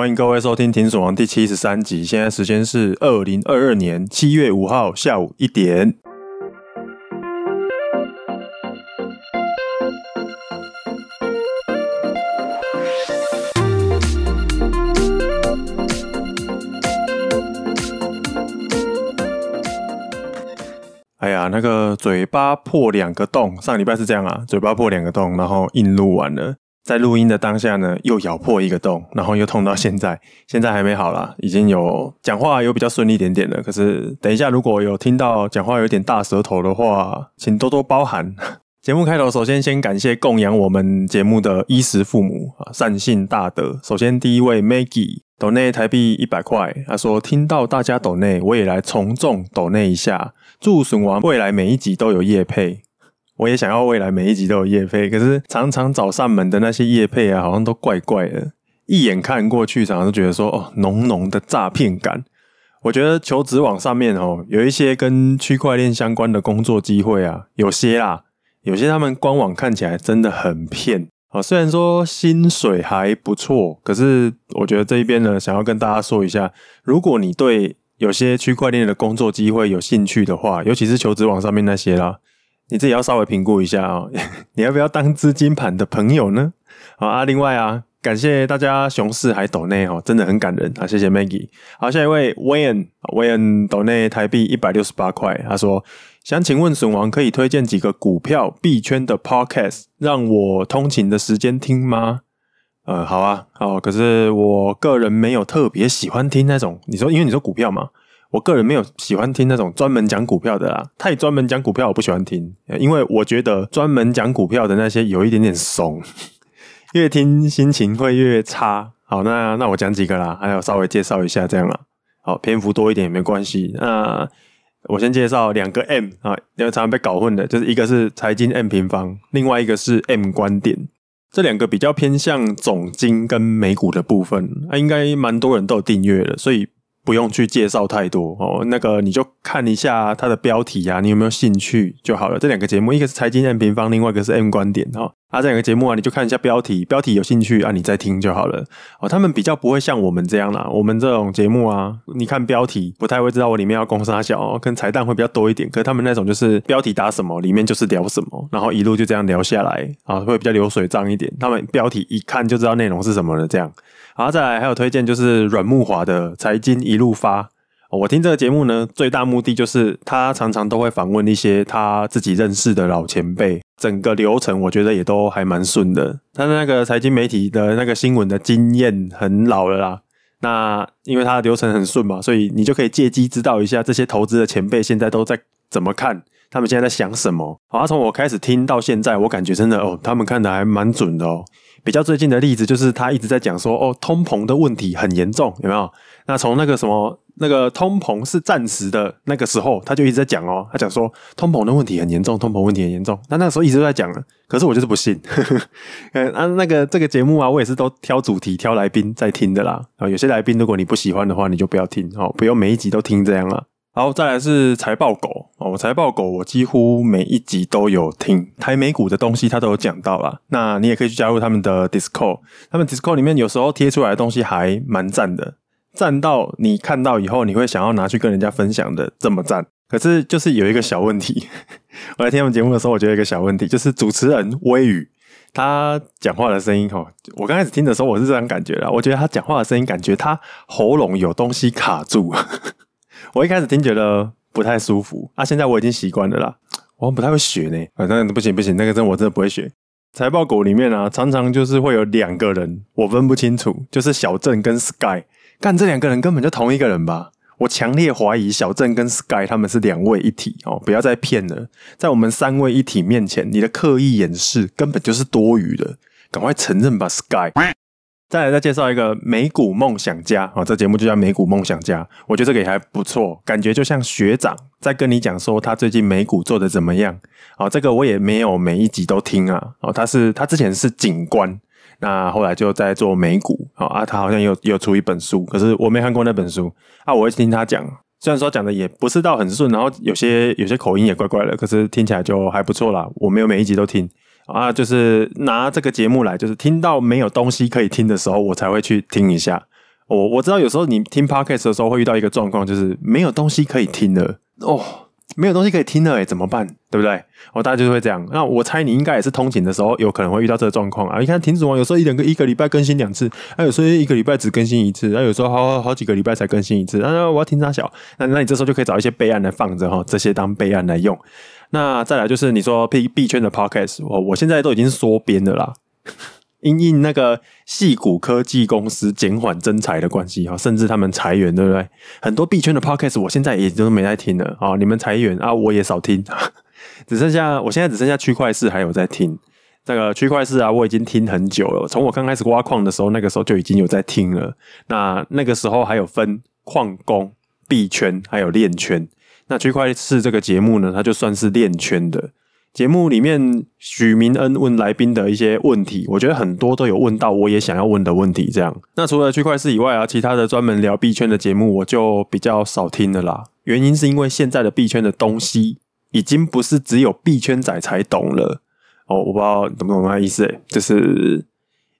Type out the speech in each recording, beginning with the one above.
歡迎各位收聽《停損王》第七十三集，現在時間是二零二二年七月五號下午一點。哎呀，那個嘴巴破兩個洞，上禮拜是這樣啊，嘴巴破兩個洞，然後硬錄完了。在錄音的當下呢，又咬破一個洞，然後又痛到現在，現在還沒好啦，已經有講話有比較順利點點了。可是等一下如果有聽到講話有點大舌頭的話，請多多包涵。 節目開頭首先先感謝供養我們節目的衣食父母啊，善信大德。首先第一位 Maggie 抖內台幣一百塊，他說聽到大家抖內，我也來從眾抖內一下。祝損王未來每一集都有業配。我也想要未來每一集都有業配，可是常常找上門的那些業配啊，好像都怪怪的，一眼看過去，常常都覺得說哦，濃濃的詐騙感。我覺得求職網上面哦，有一些跟區塊鏈相關的工作機會啊，有些啦，有些他們官網看起來真的很騙啊、哦。雖然說薪水還不錯，可是我覺得這一邊呢，想要跟大家說一下，如果你對有些區塊鏈的工作機會有興趣的話，尤其是求職網上面那些啦。你自己要稍微評估一下哦， 你要不要當資金盤的朋友呢？好啊，另外啊，感謝大家熊市還斗內哦，真的很感人啊，謝謝 Maggie。好，下一位 Wayne Wayne 斗內台幣一百六十八塊，他說，想請問損王可以推薦幾個股票幣圈的 podcast 讓我通勤的時間聽嗎？呃，好啊，好、哦，可是我個人沒有特別喜歡聽那種，你說因為你說股票嘛。我個人沒有喜歡聽那種專門講股票的啦，太專門講股票我不喜歡聽，因為我覺得專門講股票的那些有一點點慫，越聽心情會越差。好，那那我講幾個啦，還有稍微介紹一下這樣啦。好，篇幅多一點也沒關係。那我先介紹兩個 M 啊，因為常常被搞混的，就是一個是財經 M 平方，另外一個是 M 觀點，這兩個比較偏向總經跟美股的部分，啊、應該蠻多人都有訂閱的，所以。不用去介紹太多哦，那個你就看一下它的標題啊，你有沒有興趣就好了。這兩個節目，一個是財經 M 平方，另外一個是 M 觀點啊、哦。啊，這兩個節目啊，你就看一下標題，標題有興趣啊，你再聽就好了。哦，他們比較不會像我們這樣啦、啊，我們這種節目啊，你看標題不太會知道我裡面要講三小哦，跟彩蛋會比較多一點。可他們那種就是標題打什麼，裡面就是聊什麼，然後一路就這樣聊下來啊、哦，會比較流水賬一點。他們標題一看就知道內容是什麼了，這樣。好，再來還有推薦就是阮木華的《財經一路發》哦。我聽這個節目呢，最大目的就是他常常都會訪問一些他自己認識的老前輩，整個流程我覺得也都還蠻順的。他那個財經媒體的那個新聞的經驗很老了啦，那因為他的流程很順嘛，所以你就可以借機知道一下這些投資的前輩現在都在怎麼看，他們現在在想什麼。好、哦，從我開始聽到現在，我感覺真的哦，他們看得還蠻準的哦。比較最近的例子就是他一直在講說哦，通膨的問題很嚴重，有沒有？那從那個什麼那個通膨是暫時的那個時候，他就一直在講哦，他講說通膨的問題很嚴重，通膨問題很嚴重。那那個時候一直在講，可是我就是不信。呃、 啊，那那個這個節目啊，我也是都挑主題挑來賓在聽的啦。有些來賓如果你不喜歡的話，你就不要聽哦，不用每一集都聽這樣啦。然後再來是財報狗哦，財報狗，我幾乎每一集都有聽台美股的東西，他都有講到啦。那你也可以去加入他們的 Discord，他們 Discord 裡面有時候貼出來的東西還蠻讚的，讚到你看到以後，你會想要拿去跟人家分享的這麼讚。可是就是有一個小問題，我來聽他們節目的時候，我覺得有一個小問題，就是主持人威宇他講話的聲音哈，我剛開始聽的時候我是這樣感覺的，我覺得他講話的聲音感覺他喉嚨有東西卡住。我一開始聽覺得不太舒服，啊，現在我已經習慣了啦。我不太會學呢，啊，那不行不行，那個真我真的不會學。財報狗裡面啊，常常就是會有兩個人，我分不清楚，就是小鄭跟 Sky，但這兩個人根本就同一個人吧？我強烈懷疑小鄭跟 Sky 他們是兩位一體哦，不要再騙了，在我們三位一體面前，你的刻意掩飾根本就是多餘的，趕快承認吧，Sky。再來再介紹一個美股夢想家啊、哦！這節目就叫美股夢想家，我覺得這個也還不錯，感覺就像學長在跟你講說他最近美股做的怎麼樣啊、哦！這個我也沒有每一集都聽啊。哦，他是他之前是警官，那後來就在做美股、哦、啊。他好像有有出一本書，可是我沒看過那本書啊。我會聽他講，雖然說講的也不是到很順，然後有些有些口音也怪怪的，可是聽起來就還不錯啦。我沒有每一集都聽。啊，就是拿這個節目來，就是聽到沒有東西可以聽的時候，我才會去聽一下。我、哦、我知道有時候你聽 podcast 的時候會遇到一個狀況，就是沒有東西可以聽了哦，沒有東西可以聽了，哎，怎麼辦？對不對？我、哦、大家就會這樣。那我猜你應該也是通勤的時候，有可能會遇到這個狀況啊。你看停損王有時候一兩個一個禮拜更新兩次，啊，有時候一個禮拜只更新一次，然、啊、後有時候好，好好幾個禮拜才更新一次。啊，我要聽啥小？那那你這時候就可以找一些備案來放着哈，這些當備案來用。那再來就是你說 B 圈的 podcast，我我現在都已經是縮編了啦，因應那個矽谷科技公司減緩徵才的關係，甚至他們裁員，對不對？很多 B 圈的 podcast 我現在也都是沒在聽了啊。你們裁員啊，我也少聽，只剩下我現在只剩下區塊鏈還有在聽，這個區塊鏈啊，我已經聽很久了，從我剛開始挖礦的時候，那個時候就已經有在聽了。那那個時候還有分礦工 B 圈還有鏈圈。那區塊勢這個節目呢，它就算是鏈圈的節目裡面，許明恩問來賓的一些問題，我覺得很多都有問到我也想要問的問題。這樣，那除了區塊勢以外啊，其他的專門聊幣圈的節目，我就比較少聽了啦。原因是因為現在的幣圈的東西已、哦欸就是，已經不是只有幣圈仔才懂了哦。我不知道懂不懂那意思？就是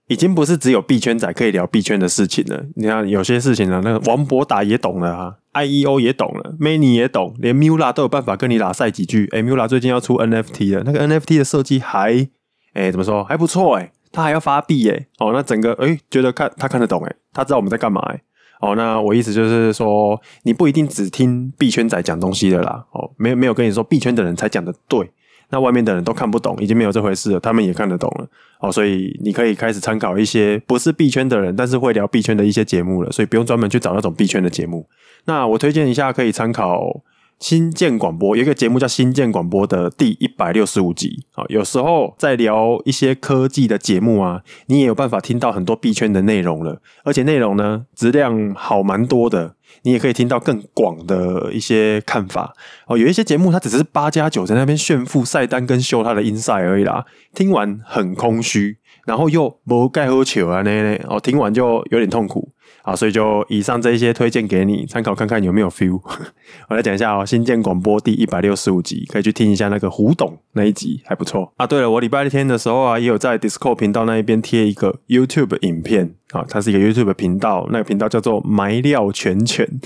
已經不是只有幣圈仔可以聊幣圈的事情了。你看有些事情啊，那個王伯達也懂了啊。IEO 也懂了，Many 也懂，連 Mula 都有辦法跟你拉賽幾句。誒、欸、Mula 最近要出 NFT 了，那個 NFT 的設計還……誒、欸，怎麼說？還不錯誒、欸。他還要發幣誒、欸，哦，那整個誒、欸，覺得看他看得懂誒、欸，他知道我們在幹嘛誒、欸。哦，那我意思就是說，你不一定只聽幣圈仔講東西的啦。哦，沒有沒有跟你說幣圈的人才講得對，那外面的人都看不懂，已經沒有這回事了，他們也看得懂了。哦，所以你可以開始參考一些不是幣圈的人，但是會聊幣圈的一些節目了。所以不用專門去找那種幣圈的節目。那我推薦一下，可以參考新建廣播，有一個節目叫新建廣播的第一百六十五集啊。有時候在聊一些科技的節目啊，你也有辦法聽到很多幣圈的內容了，而且內容呢質量好蠻多的，你也可以聽到更廣的一些看法哦。有一些節目它只是八加九在那邊炫富、曬單跟秀他的音賽而已啦，聽完很空虛，然後又無蓋好笑啊，那那，哦，聽完就有點痛苦。啊，所以就以上這些推薦給你參考看看有沒有 feel。 我來講一下哦、喔，新建廣播第一百六十五集，可以去聽一下那個胡董那一集還不錯啊。對了，我禮拜天的時候啊，也有在 Discord 頻道那一邊貼一個 YouTube 影片啊，它是一個 YouTube 頻道，那個頻道叫做泉泉“埋料犬犬”。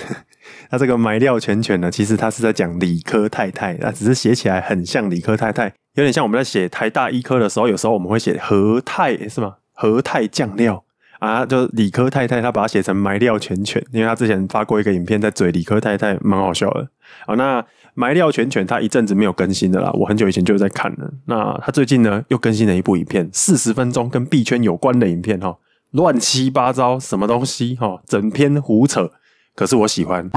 那這個“埋料犬犬”呢，其實它是在講理科太太，那只是寫起來很像理科太太，有點像我們在寫台大醫科的時候，有時候我們會寫和泰是嗎？和泰醬料。啊，就理科太太，他把它寫成埋料犬犬，因為他之前發過一個影片在嘴理科太太，蠻好笑的。好，那埋料犬犬他一陣子沒有更新的啦，我很久以前就在看了。那他最近呢又更新了一部影片，四十分鐘跟幣圈有關的影片哈，亂、哦、七八糟什麼東西哈、哦，整篇胡扯，可是我喜歡。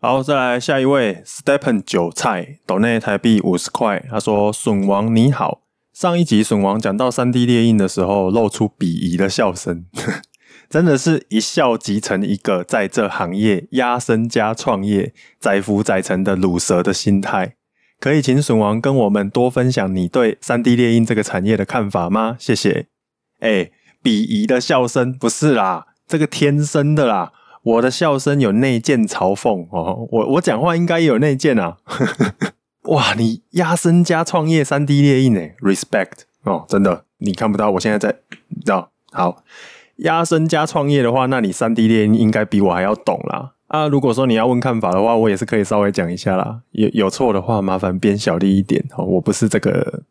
好，再來下一位 Stephen 韭菜斗內台幣五十塊，他說，損王你好。上一集損王講到三 D 列印的時候，露出鄙夷的笑聲，呵呵，真的是一笑即成一個在這行業壓身家創業載浮載沉的魯蛇的心態。可以請損王跟我們多分享你對三 D 列印這個產業的看法嗎？謝謝。哎、欸，鄙夷的笑聲不是啦，這個天生的啦，我的笑聲有內建嘲諷哦，我我講話應該也有內建啊。呵呵呵哇，你壓身加創業三 D 列印誒，respect 哦，真的你看不到我現在在，知、no，道好壓身加創業的話，那你三 D 列印應該比我還要懂啦。啊，如果說你要問看法的話，我也是可以稍微講一下啦。有有錯的話，麻煩變小力一點哦。我不是這個，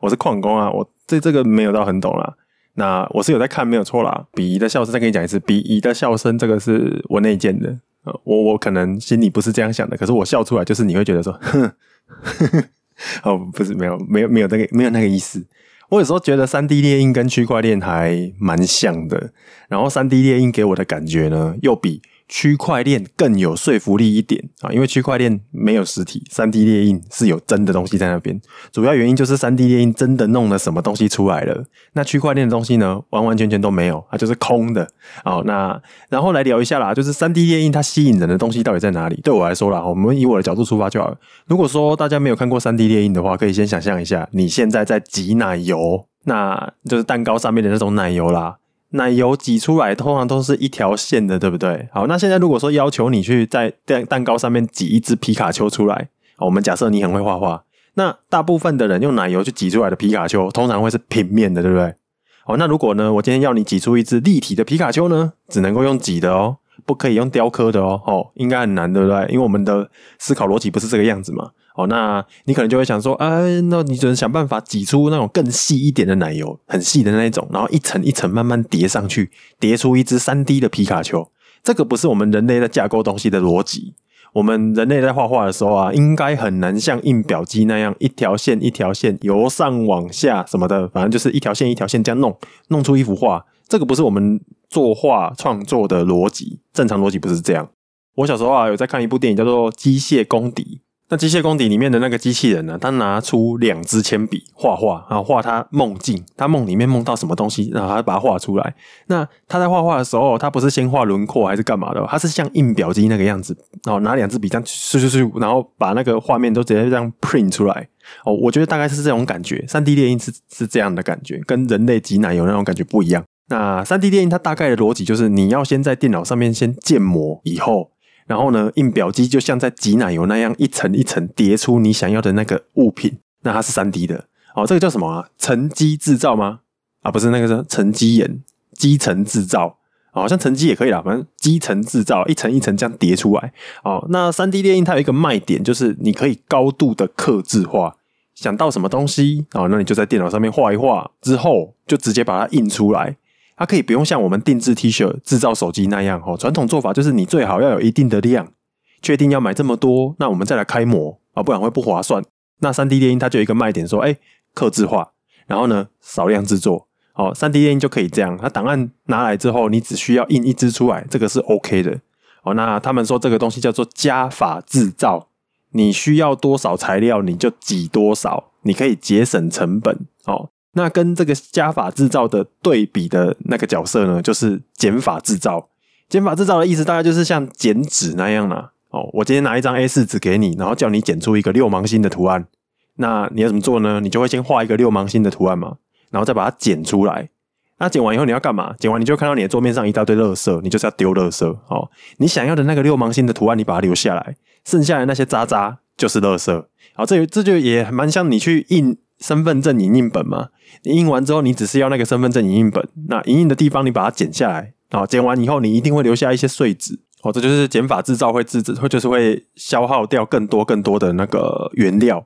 我是礦工啊，我對這，這個沒有到很懂啦。那我是有在看，沒有錯啦。鄙夷的笑聲，再跟你講一次，鄙夷的笑聲，這個是我內建的。呃、我我可能心裡不是這樣想的，可是我笑出來就是你會覺得說，哼。呵呵，哦，不是，沒有，沒有，沒有那個，沒有那個意思。我有時候覺得三 D 列印跟區塊鏈還蠻像的，然後三 D 列印給我的感覺呢，又比區塊鏈更有說服力一點啊，因為區塊鏈沒有實體，三 D 列印是有真的東西在那邊。主要原因就是三 D 列印真的弄了什麼東西出來了，那區塊鏈的東西呢，完完全全都沒有，它就是空的。好，那然後來聊一下啦，就是三 D 列印它吸引人的東西到底在哪裡？對我來說啦，我們以我的角度出發就好了。如果說大家沒有看過三 D 列印的話，可以先想象一下，你現在在擠奶油，那就是蛋糕上面的那種奶油啦。奶油擠出來通常都是一條線的，對不對？好，那現在如果說要求你去在蛋蛋糕上面擠一隻皮卡丘出來，我們假設你很會畫畫，那大部分的人用奶油去擠出來的皮卡丘通常會是平面的，對不對？哦，那如果呢，我今天要你擠出一隻立體的皮卡丘呢，只能夠用擠的哦，不可以用雕刻的哦，哦，應該很難，對不對？因為我們的思考邏輯不是這個樣子嘛。哦，那你可能就會想說，哎，那你只能想辦法擠出那種更細一點的奶油，很細的那一種，然後一層一層慢慢疊上去，疊出一只 3D 的皮卡丘。這個不是我們人類在架構東西的邏輯。我們人類在畫畫的時候啊，應該很難像印表機那樣，一條線一條線由上往下什麼的，反正就是一條線一條線這樣弄，弄出一幅畫。這個不是我們作畫創作的邏輯，正常邏輯不是這樣。我小時候啊，有在看一部電影叫做《機械公敵》。那機械公敵裡面的那個機器人呢？他拿出兩支鉛筆畫畫，然後畫他夢境，他夢裡面夢到什麼東西，然後他把它畫出來。那他在畫畫的時候，他不是先畫輪廓還是幹嘛的？他是像印表機那個樣子，然後拿兩支筆這樣，刷刷刷，然後把那個畫面都直接這樣 print 出來。哦，我覺得大概是這種感覺，三 D 列印是是這樣的感覺，跟人類擠奶油那種感覺不一樣。那三 D 列印它大概的邏輯就是，你要先在電腦上面先建模，以後。然後呢，印表機就像在擠奶油那樣，一層一層疊出你想要的那個物品。那它是 3D 的，哦，這個叫什麼啊？沉積制造嗎？啊，不是那個是沉積岩，基層制造，好、哦、像沉積也可以啦，反正基層制造，一層一層這樣疊出來。哦，那 3D 列印它有一個賣點，就是你可以高度的客製化，想到什麼東西，哦，那你就在電腦上面畫一畫，之後就直接把它印出來。它、啊、可以不用像我們定製 T 恤、製造手機那樣，吼、哦，傳統做法就是你最好要有一定的量，確定要買這麼多，那我們再來開模啊、哦，不然會不划算。那三 D 電影它就有一個賣點說，說哎，客製化、然後呢，少量製作，哦，三 D 電影就可以這樣。它檔案拿來之後，你只需要印一支出來，這個是 OK 的。哦，那他們說這個東西叫做加法製造，你需要多少材料你就擠多少，你可以節省成本，哦。那跟這個加法製造的對比的那個角色呢，就是減法製造。減法製造的意思，大概就是像剪紙那樣啦、啊。哦，我今天拿一張 A 四紙給你，然後叫你剪出一個六芒星的圖案。那你要怎麼做呢？你就會先畫一個六芒星的圖案嘛，然後再把它剪出來。那剪完以後你要幹嘛？剪完你就看到你的桌面上一大堆垃圾，你就是要丟垃圾。哦，你想要的那個六芒星的圖案，你把它留下來，剩下來那些渣渣就是垃圾。好，這這就也蠻像你去印。身份證影印本嘛，你印完之後，你只是要那個身份證影印本。那影印的地方，你把它剪下來，哦，剪完以後，你一定會留下一些碎紙，或、喔、這就是減法製造會製，會就是會消耗掉更多更多的那個原料，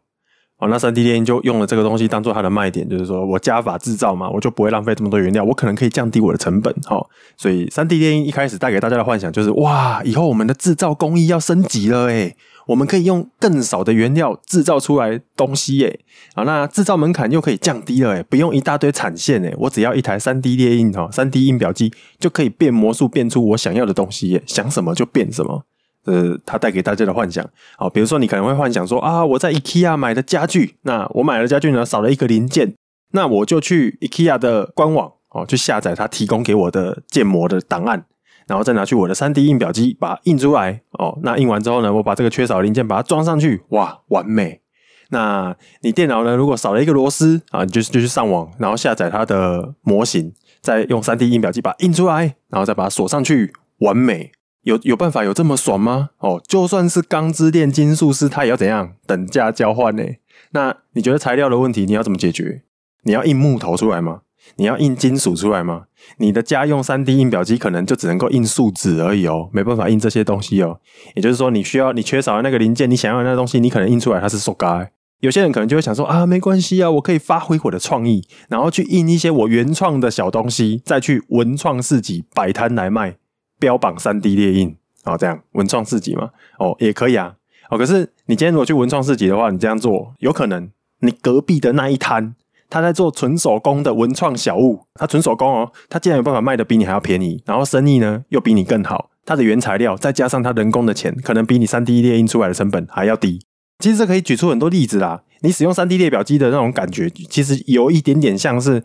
哦、喔，那三 D 列印就用了這個東西當做它的賣點，就是說我加法製造嘛，我就不會浪費這麼多原料，我可能可以降低我的成本，哦、喔，所以三 D 列印一開始帶給大家的幻想就是，哇，以後我們的製造工藝要升級了、欸，誒我們可以用更少的原料制造出來東西耶！啊，那制造門檻又可以降低了哎，不用一大堆產線哎，我只要一台 3D 列印哈，3D 印表機就可以變魔術變出我想要的東西耶，想什麼就變什麼。呃，它帶給大家的幻想，好，比如說你可能會幻想說啊，我在 IKEA 買的家具，那我買了家具呢少了一個零件，那我就去 IKEA 的官網哦，去下載它提供給我的建模的檔案。然後再拿去我的三 D 印表機把它印出來哦。那印完之後呢，我把這個缺少的零件把它裝上去，哇，完美！那你電腦呢？如果少了一個螺絲啊，你就就去上網，然後下載它的模型，再用三 D 印表機把它印出來，然後再把它鎖上去，完美！有有辦法有這麼爽嗎？哦，就算是鋼之煉金術師，他也要怎樣等價交換呢、欸？那你覺得材料的問題你要怎麼解決？你要印木頭出來嗎？你要印金屬出來嗎？你的家用三 D 印表機可能就只能夠印樹脂而已哦、喔，沒辦法印這些東西哦、喔。也就是說，你需要你缺少了那個零件，你想要的那個東西，你可能印出來它是塑膠、欸。有些人可能就會想說啊，沒關係啊，我可以發揮我的創意，然後去印一些我原創的小東西，再去文創市集擺攤來賣，標榜三 D 列印啊、哦，這樣文創市集嘛，哦也可以啊，哦可是你今天如果去文創市集的話，你這樣做有可能你隔壁的那一攤。他在做純手工的文創小物，他純手工哦，他既然有辦法賣的比你還要便宜，然後生意呢又比你更好。他的原材料再加上他人工的錢，可能比你 3D 列印出來的成本還要低。其實這可以舉出很多例子啦。你使用 3D 列印機的那種感覺，其實有一點點像是，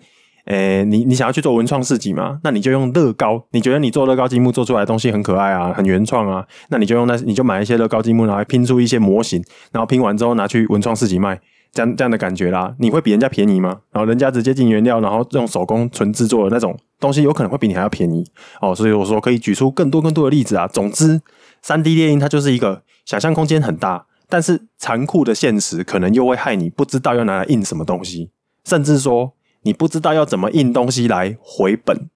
誒，你你想要去做文創市集嘛？那你就用樂高，你覺得你做樂高積木做出來的東西很可愛啊，很原創啊，那你就用那你就買一些樂高積木，然後拼出一些模型，然後拼完之後拿去文創市集賣。這樣這樣的感覺啦，你會比人家便宜嗎？然後人家直接進原料，然後用手工純制作的那種東西，有可能會比你還要便宜哦。所以我說可以舉出更多更多的例子啊。總之，三 D 列印它就是一個想象空間很大，但是殘酷的現實可能又會害你不知道要拿來印什麼東西，甚至說你不知道要怎麼印東西來回本。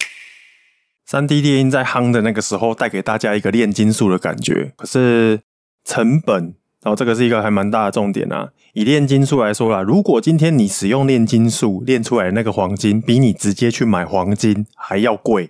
三 D 列印在夯的那個時候，帶給大家一個煉金術的感覺，可是成本。然後這個是一個還蠻大的重點啊。以煉金術來說啦，如果今天你使用煉金術煉出來的那個黃金比你直接去買黃金還要貴，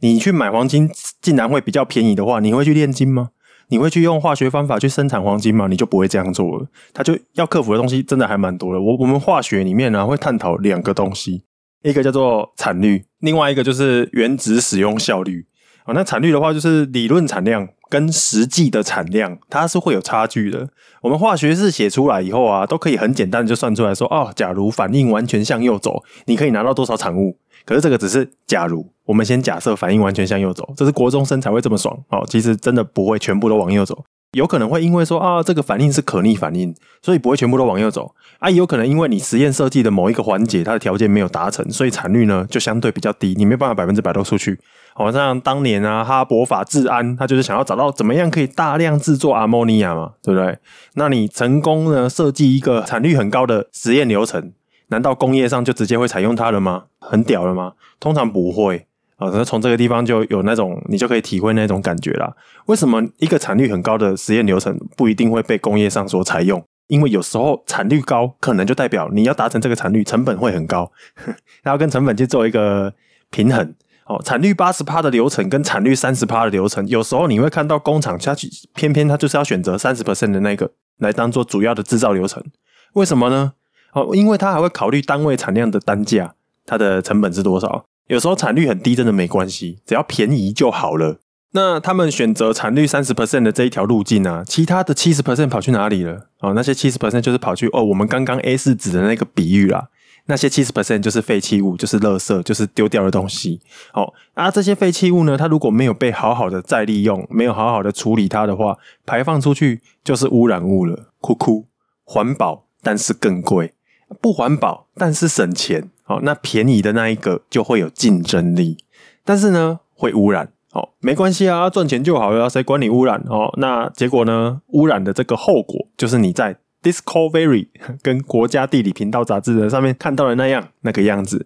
你去買黃金竟然會比較便宜的話，你會去煉金嗎？你會去用化學方法去生產黃金嗎？你就不會這樣做了。它就要克服的東西真的還蠻多的。我我們化學裡面呢、啊、會探討兩個東西，一個叫做產率，另外一個就是原子使用效率。啊、哦，那產率的話就是理論產量跟實際的產量，它是會有差距的。我們化學式寫出來以後啊，都可以很簡單的就算出來說哦，假如反應完全向右走，你可以拿到多少產物。可是這個只是假如，我們先假設反應完全向右走，這是國中生才會這麼爽哦。其實真的不會全部都往右走。有可能會因為說啊，這個反應是可逆反應，所以不會全部都往右走啊。有可能因為你實驗設計的某一個環節，它的條件沒有達成，所以產率呢就相對比較低，你沒辦法百分之百都出去。好、哦、像當年啊，哈伯法製氨，他就是想要找到怎麼樣可以大量制作阿摩尼亞嘛，對不對？那你成功呢設計一個產率很高的實驗流程，難道工業上就直接會採用它了嗎？很屌了嗎？通常不會。好，然從這個地方就有那種，你就可以體會那種感覺了。為什麼一個產率很高的實驗流程不一定會被工業上所採用？因為有時候產率高，可能就代表你要達成這個產率，成本會很高，然 後跟成本去做一個平衡。哦，產率八十趴的流程跟產率三十趴的流程，有時候你會看到工廠下去，偏偏他就是要選擇三十 percent 的那個來當做主要的製造流程。為什麼呢？哦，因為他還會考慮單位產量的單價，它的成本是多少。有時候產率很低，真的沒關係，只要便宜就好了。那他們選擇產率三十 percent 的這一條路徑呢、啊？其他的七十 percent 跑去哪裡了？哦，那些七十 percent 就是跑去哦，我們剛剛 A 四紙的那個比喻啦。那些七十 percent 就是廢棄物，就是垃圾，就是丟掉的東西。哦，啊，這些廢棄物呢，它如果沒有被好好的再利用，沒有好好的處理它的話，排放出去就是汙染物了。哭哭，環保但是更貴，不環保但是省錢。好、哦，那便宜的那一個就會有競爭力，但是呢，會污染。哦，沒關係啊，賺錢就好了、啊，誰管你污染？哦，那結果呢？污染的這個後果就是你在 Discovery 跟國家地理頻道雜誌的上面看到的那樣那個樣子。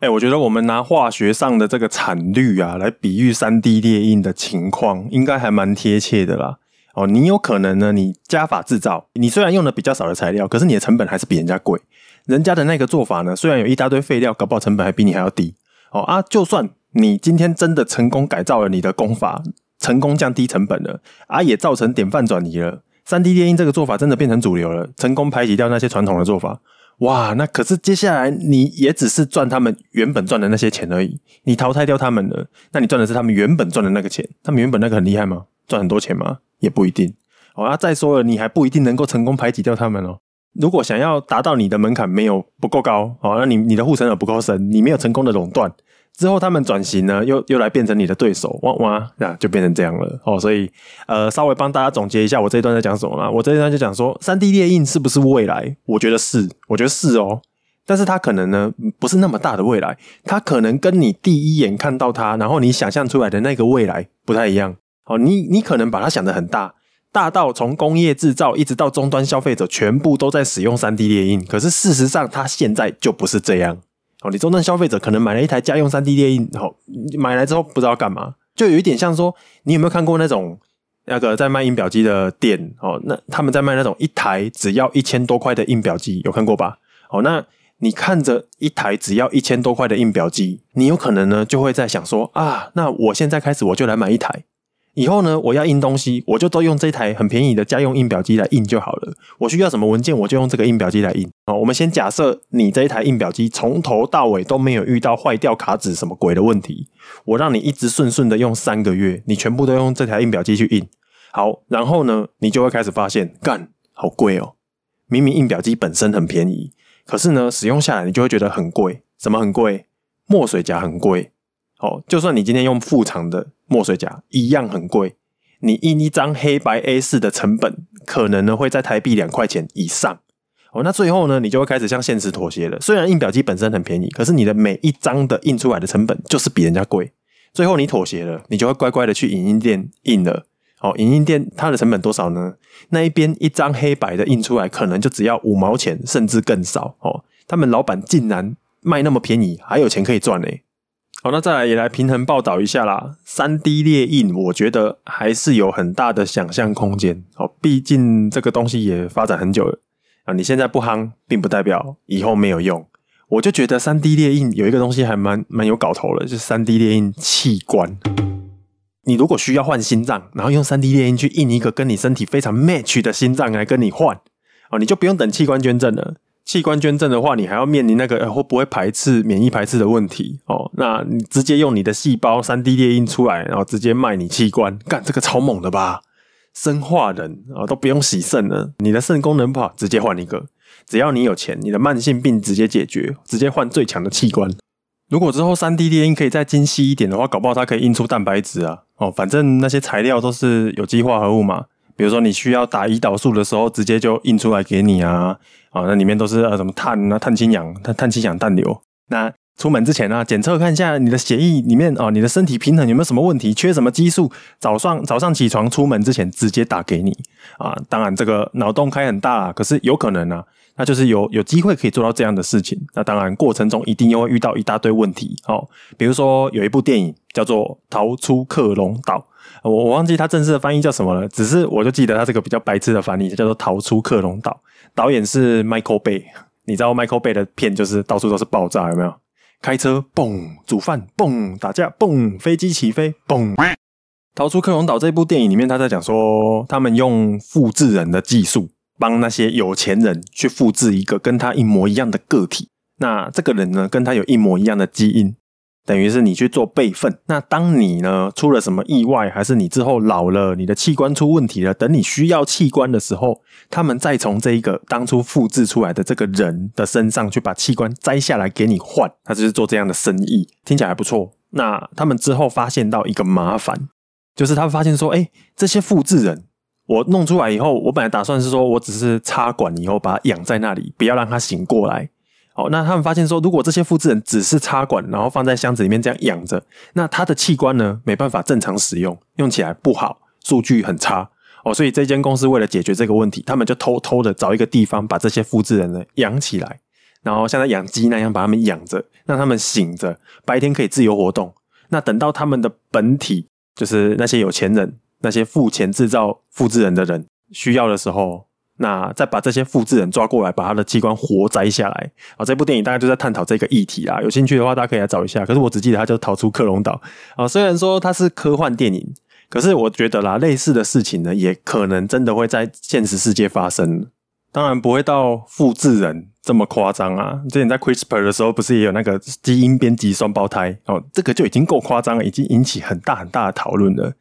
哎、欸，我覺得我們拿化學上的這個產率啊，來比喻三 D 列印的情況，應該還蠻貼切的啦。哦，你有可能呢，你加法制造，你雖然用的比較少的材料，可是你的成本還是比人家貴。人家的那個做法呢，雖然有一大堆廢料，搞不好成本還比你還要低。哦啊，就算你今天真的成功改造了你的功法，成功降低成本了，啊，也造成典範轉移了。三 D 電影這個做法真的變成主流了，成功排擠掉那些傳統的做法。哇，那可是接下來你也只是賺他們原本賺的那些錢而已。你淘汰掉他們了，那你賺的是他們原本賺的那個錢。他們原本那個很厲害嗎？賺很多錢嗎？也不一定。哦啊，再說了，你還不一定能夠成功排擠掉他們哦。如果想要達到你的門檻沒有不夠高哦，那你你的護城河不夠深，你沒有成功的壟斷之後，他們轉型呢，又又來變成你的對手哇哇，那就變成這樣了哦。所以呃，稍微幫大家總結一下我這一段在講什麼啦，我這一段就講說，3D 列印是不是未來？我覺得是，我覺得是哦。但是它可能呢不是那麼大的未來，它可能跟你第一眼看到它，然後你想象出來的那個未來不太一樣哦。你你可能把它想得很大。大到從工業製造一直到終端消費者，全部都在使用三 D 列印。可是事實上，它現在就不是這樣哦。你終端消費者可能買了一台家用三 D 列印，買來之後不知道幹嘛，就有一點像說，你有沒有看過那種那個在賣印表機的店哦？那他們在賣那種一台只要一千多塊的印表機，有看過吧？哦，那你看着一台只要一千多塊的印表機，你有可能呢就會在想說啊，那我現在開始我就來買一台，以後呢，我要印東西，我就都用這台很便宜的家用印表機來印就好了。我需要什麼文件，我就用這個印表機來印。好，我們先假設你這一台印表機從頭到尾都沒有遇到壞掉、卡紙什麼鬼的問題，我讓你一直順順的用三個月，你全部都用這台印表機去印。好，然後呢，你就會開始發現，幹，好貴哦。明明印表機本身很便宜，可是呢，使用下來你就會覺得很貴。什麼很貴？墨水夾很貴。哦，就算你今天用副廠的墨水夾，一樣很貴。你印一張黑白 A 四的成本，可能呢會在台幣兩塊錢以上。哦，那最後呢，你就會開始向現實妥協了。雖然印表機本身很便宜，可是你的每一張的印出來的成本就是比人家貴。最後你妥協了，你就會乖乖的去影印店印了。哦，影印店它的成本多少呢？那一邊一張黑白的印出來，可能就只要五毛錢，甚至更少。哦，他們老板竟然賣那麼便宜，還有錢可以賺呢、欸。好，那再來也來平衡報道一下啦。3D 列印，我覺得還是有很大的想象空間。哦，畢竟這個東西也發展很久了啊。你現在不夯，並不代表以後沒有用。我就覺得 3D 列印有一個東西還蠻蠻有搞頭的，就是 3D 列印器官。你如果需要換心臟，然後用 3D 列印去印一個跟你身體非常 match 的心臟來跟你換，啊，你就不用等器官捐贈了。器官捐贈的話，你還要面臨那個會、呃、不會排斥、免疫排斥的問題哦。那你直接用你的細胞 3D 列印出來，然後直接賣你器官，幹這個超猛的吧！生化人啊、哦，都不用洗腎了，你的腎功能不好，直接換一個。只要你有錢，你的慢性病直接解決，直接換最強的器官。如果之後 3D 列印可以再精細一點的話，搞不好它可以印出蛋白質啊。哦，反正那些材料都是有機化合物嘛。比如說你需要打胰島素的時候，直接就印出來給你啊，啊，那裡面都是呃、啊、什麼碳啊、碳氫氧、啊、碳氫氧氮硫。那出門之前啊，檢測看一下你的血液裡面啊，你的身體平衡有沒有什麼問題，缺什麼激素。早上早上起床出門之前直接打給你啊，當然這個腦洞開很大啊，可是有可能啊，那就是有有機會可以做到這樣的事情。那當然過程中一定又會遇到一大堆問題哦，比如說有一部電影叫做《逃出克隆島》。我我忘記他正式的翻譯叫什麼了，只是我就記得他這個比較白痴的翻譯叫做《逃出克隆島》，導演是 Michael Bay，你知道 Michael Bay 的片就是到處都是爆炸，有沒有？開車嘣，煮飯嘣，打架嘣，飛機起飛嘣。逃出克隆島這部電影裡面，他在講說，他們用複製人的技術幫那些有錢人去複製一個跟他一模一樣的個體，那這個人呢，跟他有一模一樣的基因。等於是你去做備份，那當你呢出了什麼意外，還是你之後老了，你的器官出問題了，等你需要器官的時候，他們再從這一個當初複製出來的這個人的身上去把器官摘下來給你換，他就是做這樣的生意，聽起來還不錯。那他們之後發現到一個麻煩，就是他發現說，誒，這些複製人我弄出來以後，我本來打算是說我只是插管以後把它養在那裡，不要讓它醒過來。哦，那他們發現說，如果這些複製人只是插管，然後放在箱子裡面這樣養着，那他的器官呢沒辦法正常使用，用起來不好，數據很差。哦，所以這間公司為了解決這個問題，他們就偷偷的找一個地方把這些複製人呢養起來，然後像在養雞那樣把他們養着，讓他們醒着，白天可以自由活動。那等到他們的本體，就是那些有錢人，那些付錢制造複製人的人需要的時候。那再把這些複製人抓過來，把他的器官活摘下來啊！這部電影大概就在探討這個議題啦。有興趣的話，大家可以來找一下。可是我只記得他就逃出克隆島啊、哦。雖然說它是科幻電影，可是我覺得啦，類似的事情呢，也可能真的會在現實世界發生。當然不會到複製人這麼誇張啊。之前在 CRISPR 的時候，不是也有那個基因編輯雙胞胎哦？這個就已經夠誇張了，已經引起很大很大的討論了。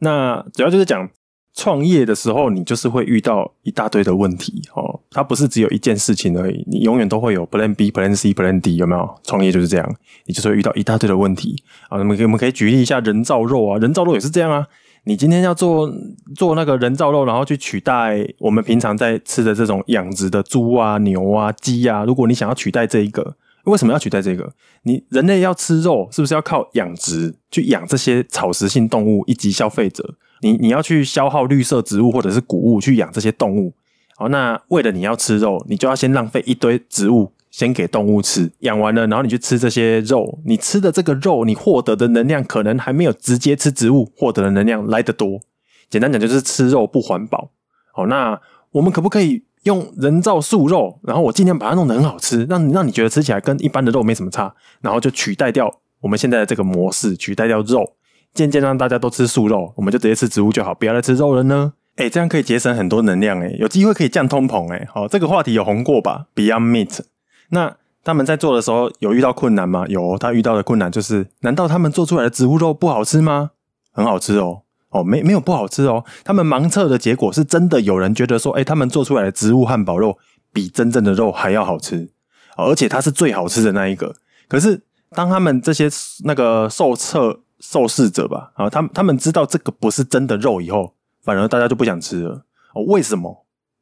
那主要就是講。創業的時候，你就是會遇到一大堆的問題哦，它不是只有一件事情而已，你永遠都會有 plan B、plan C、plan D，有沒有？創業就是這樣，你就是會遇到一大堆的問題啊。那麼我們可以舉例一下，人造肉啊，人造肉也是這樣啊。你今天要做做那個人造肉，然後去取代我們平常在吃的這種養殖的豬啊、牛啊、雞啊。如果你想要取代這一個，為什麼要取代這個？你人類要吃肉，是不是要靠養殖去養這些草食性動物以及消費者？你你要去消耗綠色植物或者是穀物去養這些動物，好，那為了你要吃肉，你就要先浪費一堆植物，先給動物吃，養完了，然後你去吃這些肉，你吃的這個肉，你獲得的能量可能還沒有直接吃植物獲得的能量來得多。簡單講，就是吃肉不環保。好，那我們可不可以用人造素肉，然後我盡量把它弄得很好吃，讓讓你覺得吃起來跟一般的肉沒什麼差，然後就取代掉我們現在的這個模式，取代掉肉。漸漸讓大家都吃素肉，我們就直接吃植物就好，不要再吃肉了呢。哎、欸，這樣可以節省很多能量哎、欸，有機會可以降通膨哎、欸。好、哦，這個話題有紅過吧？Beyond Meat。那他們在做的時候有遇到困難嗎？有、哦，他遇到的困難就是，難道他們做出來的植物肉不好吃嗎？很好吃哦，哦，沒沒有不好吃哦。他們盲測的結果是真的有人覺得說，哎，他們做出來的植物漢堡肉比真正的肉還要好吃，哦、而且它是最好吃的那一個。可是當他們這些那個受測受試者吧，啊，他們他們知道這個不是真的肉以後，反而大家就不想吃了。哦，為什麼？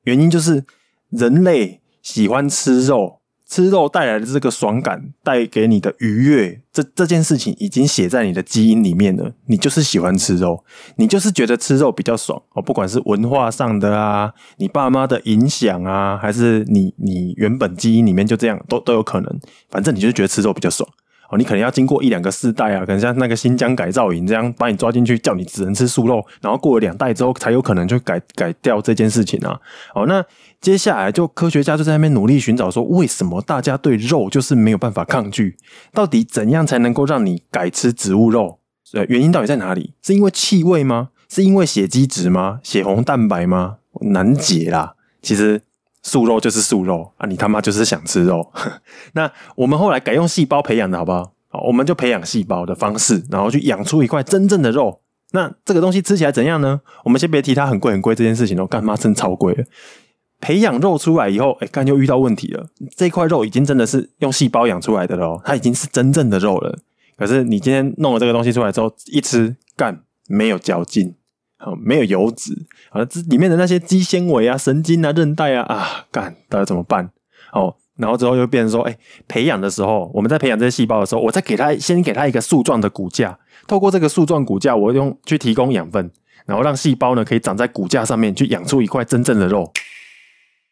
原因就是人類喜歡吃肉，吃肉帶來的這個爽感，帶給你的愉悅，這這件事情已經寫在你的基因裡面了。你就是喜歡吃肉，你就是覺得吃肉比較爽。哦，不管是文化上的啊，你爸媽的影響啊，還是你你原本基因裡面就這樣，都都有可能。反正你就覺得吃肉比較爽。哦、你可能要經過一兩個世代啊，可能像那個新疆改造營這樣把你抓進去，叫你只能吃素肉，然後過了兩代之後才有可能就改改掉這件事情啊。好、哦、那接下來就科學家就在那邊努力尋找，說為什麼大家對肉就是沒有辦法抗拒？到底怎樣才能夠讓你改吃植物肉？原因到底在哪裡？是因為氣味嗎？是因為血基質嗎？血紅蛋白嗎？難解啦。其實。素肉就是素肉啊，你他媽就是想吃肉。 那我們後來改用細胞培養的好不好？好，我們就培養細胞的方式，然後去養出一塊真正的肉。那這個東西吃起來怎樣呢？我們先別提它很貴很貴這件事情哦，乾媽真超貴了。培養肉出來以後，哎，幹就遇到問題了。這塊肉已經真的是用細胞養出來的咯、哦，它已經是真正的肉了。可是你今天弄了這個東西出來之後，一吃，幹，沒有嚼勁。沒有油脂，啊，這裡面的那些肌纖維啊、神經啊、韌帶啊，啊，幹，到底怎麼辦？哦，然後之後就變成說，哎、欸，培養的時候，我們在培養這些細胞的時候，我再給它，先給它一個樹狀的骨架，透過這個樹狀骨架，我用去提供養分，然後讓細胞呢可以長在骨架上面，去養出一塊真正的肉。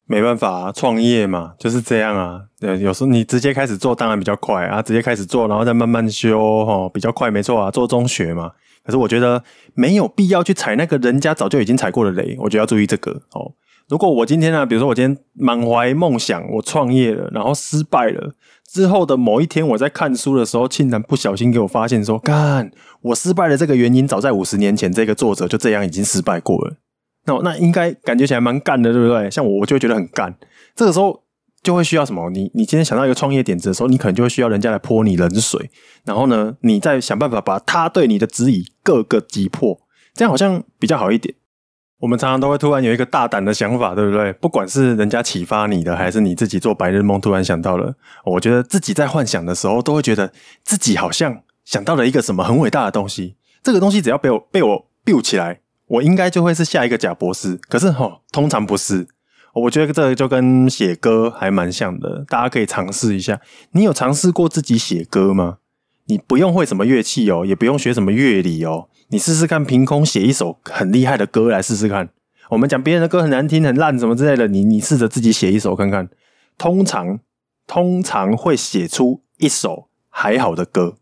沒辦法啊，創業嘛就是這樣啊。對，有時候你直接開始做，當然比較快啊，直接開始做，然後再慢慢修，哦，比較快，沒錯啊，做中學嘛。可是我覺得沒有必要去踩那個人家早就已經踩過的雷，我覺得要注意這個哦。如果我今天呢、啊，比如說我今天滿懷夢想，我創業了，然後失敗了之後的某一天，我在看書的時候，竟然不小心給我發現說，幹，我失敗的這個原因，早在五十年前，這個作者就這樣已經失敗過了。那、哦、那應該感覺起來蠻幹的，對不對？像我，我就會覺得很幹。這個時候就會需要什麼？你你今天想到一個創業點子的時候，你可能就會需要人家來潑你冷水，然後呢，你再想辦法把他對你的質疑。各個擊破，這樣好像比較好一點。我們常常都會突然有一個大膽的想法，對不對？不管是人家啟發你的，還是你自己做白日夢，突然想到了，我覺得自己在幻想的時候，都會覺得自己好像想到了一個什麼很偉大的東西。這個東西只要被我被我 build 起來，我應該就會是下一個賈博士。可是哈、哦，通常不是。我覺得這就跟寫歌還蠻像的，大家可以嘗試一下。你有嘗試過自己寫歌嗎？你不用會什麼樂器哦,也不用學什麼樂理哦，你試試看，憑空寫一首很厲害的歌來試試看。我們講別人的歌很難聽、很爛什麼之類的，你你試着自己寫一首看看。通常，通常會寫出一首還好的歌。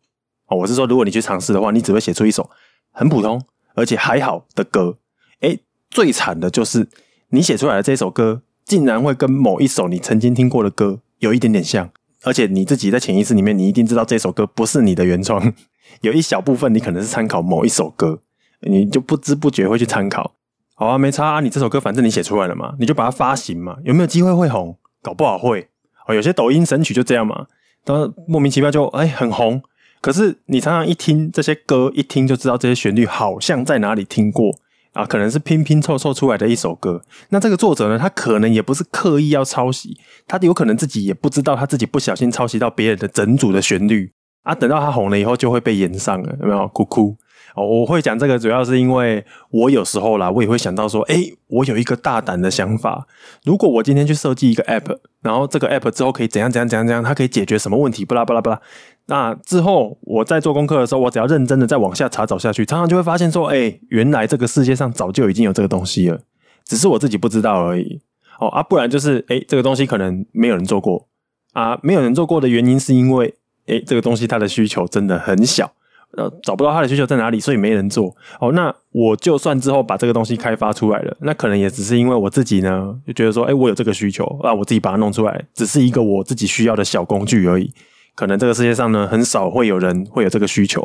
哦，我是說，如果你去嘗試的話，你只會寫出一首很普通而且還好的歌。欸，最慘的就是你寫出來的這首歌，竟然會跟某一首你曾經聽過的歌有一點點像。而且你自己在潛意識裡面，你一定知道這首歌不是你的原創，有一小部分你可能是參考某一首歌，你就不知不覺會去參考。好啊，沒差啊，你這首歌反正你寫出來了嘛，你就把它發行嘛，有沒有機會會紅？搞不好會。哦，有些抖音神曲就這樣嘛，都莫名其妙就，哎，很紅。可是你常常一聽這些歌，一聽就知道這些旋律好像在哪裡聽過。啊，可能是拼拼湊湊出來的一首歌。那這個作者呢，他可能也不是刻意要抄襲，他有可能自己也不知道，他自己不小心抄襲到別人的整組的旋律啊。等到他紅了以後，就會被演上了，有沒有？哭哭。哦，我會講這個，主要是因為我有時候啦，我也會想到說，哎，我有一個大膽的想法，如果我今天去設計一個 app，然後這個 app 之後可以怎樣怎樣怎樣怎樣，它可以解決什麼問題？不啦不啦不啦。那之後，我在做功課的時候，我只要認真的再往下查找下去，常常就會發現說，哎，原來這個世界上早就已經有這個東西了，只是我自己不知道而已。哦啊，不然就是，哎，這個東西可能沒有人做過啊，沒有人做過的原因是因為，哎，這個東西它的需求真的很小，呃，找不到它的需求在哪裡，所以沒人做。哦，那我就算之後把這個東西開發出來了，那可能也只是因為我自己呢，就覺得說，哎，我有這個需求啊，我自己把它弄出來，只是一個我自己需要的小工具而已。可能這個世界上呢，很少會有人會有這個需求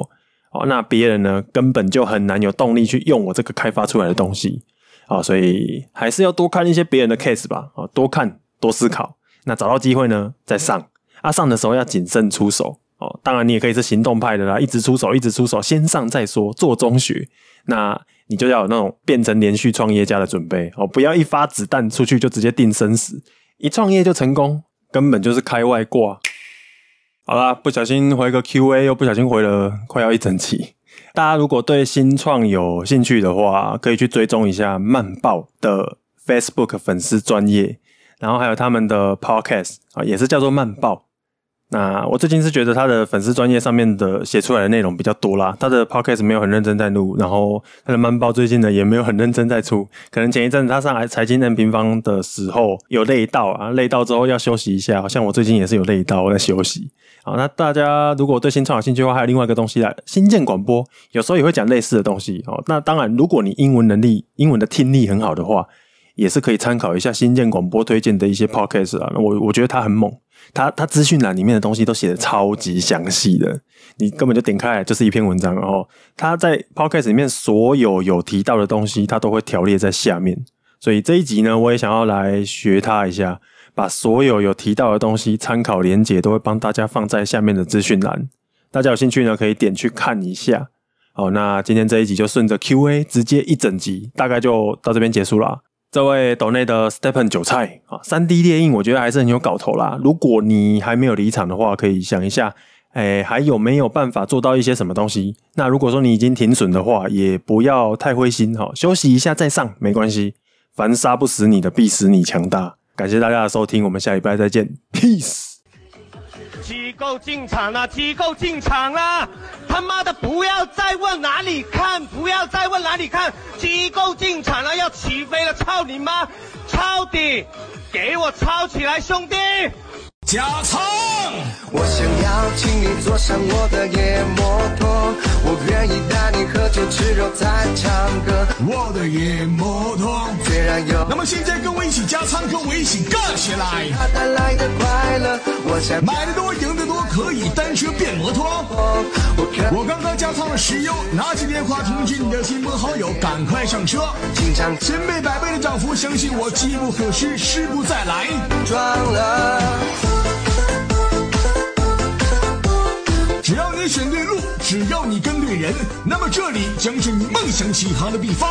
哦。那別人呢，根本就很難有動力去用我這個開發出來的東西啊、哦。所以還是要多看一些別人的 case 吧。哦，多看多思考，那找到機會呢，再上啊。上的時候要謹慎出手哦。當然，你也可以是行動派的啦，一直出手，一直出手，先上再說，做中學。那你就要有那種變成連續創業家的準備哦。不要一發子彈出去就直接定生死，一創業就成功，根本就是開外掛。好啦，不小心回個 QA，又不小心回了快要一整期。大家如果對新創有興趣的話，可以去追蹤一下曼報的 Facebook 粉絲專頁，然後還有他們的 Podcast 啊，也是叫做曼報。那我最近是覺得他的粉絲專頁上面的寫出來的內容比較多啦，他的 podcast 沒有很認真在錄，然後他的漫報最近呢也沒有很認真在出，可能前一陣子他上來財經 M 平方的時候有累到啊，累到之後要休息一下，好像我最近也是有累到，我在休息。好，那大家如果對新創有興趣的話，還有另外一個東西啦，新建廣播有時候也會講類似的東西哦。那當然，如果你英文能力、英文的聽力很好的話，也是可以參考一下新建廣播推薦的一些 podcast 啊。那我我覺得他很猛。他他資訊欄裡面的東西都寫的超級詳細的，你根本就點開來就是一篇文章。然後他在 podcast 裡面所有有提到的東西，他都會條列在下面。所以這一集呢，我也想要來學他一下，把所有有提到的東西參考連結都會幫大家放在下面的資訊欄。大家有興趣呢，可以點去看一下。好，那今天這一集就順着 Q&A，直接一整集，大概就到這邊結束啦。這位斗內的 Stephen 韭菜啊，3D 列印我覺得還是很有搞頭啦。如果你還沒有離場的話，可以想一下，哎，還有沒有辦法做到一些什麼東西？那如果說你已經停損的話，也不要太灰心哈，休息一下再上沒關係。凡殺不死你的，必使你強大。感謝大家的收聽，我們下禮拜再見，Peace。機構進場了，機構進場了，他媽的不要再問哪裡看，不要再問哪裡看，機構進場了，要起飛了，操你媽，抄底，給我抄起來，兄弟。加倉！我想要請你坐上我的野摩托，我願意帶你喝酒吃肉再唱歌。我的野摩托雖然有那麼現在跟我一起加倉，跟我一起幹起來！它帶來的快樂我想買的多贏的多，可以單車變摩托我。我剛剛加倉了石油，拿起電話通知你的親朋好友，趕快上車。千倍百倍的漲幅，相信我，機不可失，失不再來。撞了！只要你選對路，只要你跟對人，那麼這裡將是你夢想起航的地方。